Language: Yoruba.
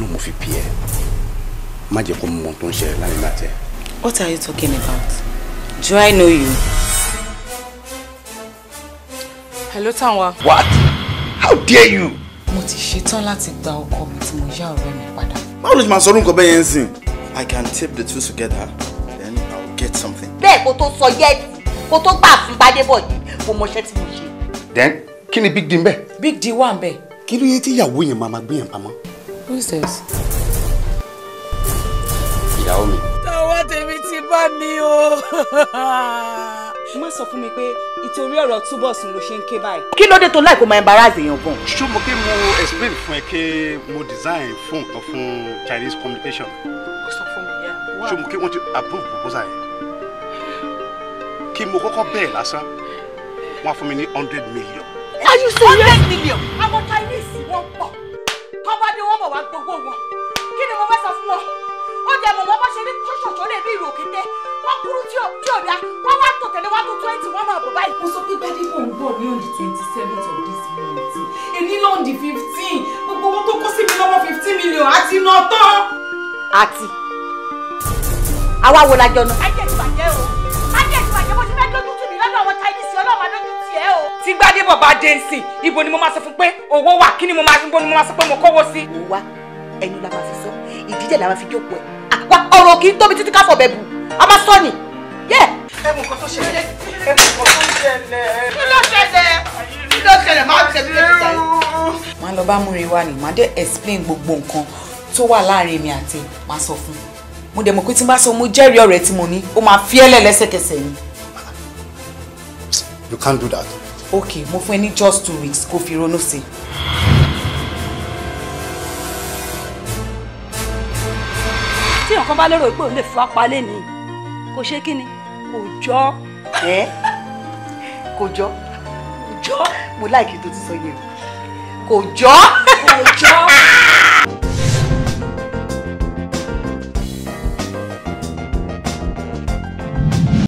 náà mo fi bí ẹ má jẹ́ kó mọ ohun tó ń ṣẹlẹ̀ láàrin bàtẹ. What are you talking about? Do I know you? Hello, Tanwa. What? How dare you? Mo ti ṣetán láti gba ọkọ mi tí mo yá ọ̀rẹ́ mi padà. Báwo ló ti máa sọ orúkọ bẹ́ẹ̀ yẹn sìn? I can tape the two together then I will get something. Bẹ́ẹ̀ kó tó sọ yẹ́ẹ̀tì, kó tó gbà fún Gbadébọ̀ yìí, kò mọṣẹ́ tí mo ṣe. Then kí ni big deal ń bẹ̀? Big deal wà ń bẹ̀. Kí ló yẹ tí ìyàwó yẹn máa máa gbé yẹn pamọ́? Who is this? Ìyàwó mi. Tàwa tèmi ti bá mi o. Má sọ fún mi pé ìtorí ọ̀rọ̀ Túbọ̀sùn ló ṣe ń ké báyìí. Kí ló dé tó láì kó máa embarrass èèyàn gan? Ṣé mo kí mo explain fún ẹ pé mo design fún nǹkan fún Chinese communication? Ó sọ fún mi yá. Ṣé mo kí wọ́n ti approve proposal yẹn? Kí mo kọ́kọ́ bẹ̀rẹ̀ lásán, wọ́n á fún mi ní hundred million. Are you serious? hundred million. Àwọn Chinese wọ́n pọ̀ wá gbowó wọn kí ni mo fẹ́ sọ fún wọn ó jẹ mọ̀mọ́ bá ṣe rí ṣọ̀ṣọ̀ lè bí ìrò kété wọ́n kúrú tí ò dá wọ́n wá tó tẹ̀lé wá tó twenty wọ́n máa bọ̀ báyìí. mo sọ pé gbadebo ń bọ̀ ní on the twenty seventh of this month èmi náà on the fifteen gbogbo owó tó kó sí mi lọ́wọ́ fifteen million àti iná tán. àti àwa wo la jọ náà. ayé ti bàjẹ́ o. bá dé nsìn ibo ni mo máa sọ fún pé owó wà kí ni mo máa ibo ni pé mo kọ́wọ́ sí. òun wá ẹnu la máa fi sọ ìdíjẹ la máa fi jókòó ẹ àwa ọ̀rọ̀ kì í tóbi títí ká fọbẹ bù a máa sọ ni. ẹ mú nǹkan tó ṣẹlẹ̀ ẹ mú nǹkan tó ṣẹlẹ̀. kí ló ṣẹlẹ̀ kí ló ṣẹlẹ̀ máa ń tẹ̀lé lórí ìtàn. màá lọ bá múre wá ni màá dé explain gbogbo nǹkan tó wà láàrin mi àti màá sọ fún mo dẹ̀ mọ̀ pé tí n bá sọ mo jẹ́rìí ọ̀rẹ́ tí mo ní ó máa fi ẹ́lẹ̀ lẹ́sẹ̀kẹsẹ̀ ni. you can't do that ok mo fún ẹ ní just two weeks kó fi ronú sí i. tí nǹkan bá lérò pé òun lè fún apá lẹ́ni kò ṣe kí ni kò jọ. ẹ kò jọ kò jọ mo láìkí tó ti sọ yẹn kò jọ. kò jọ.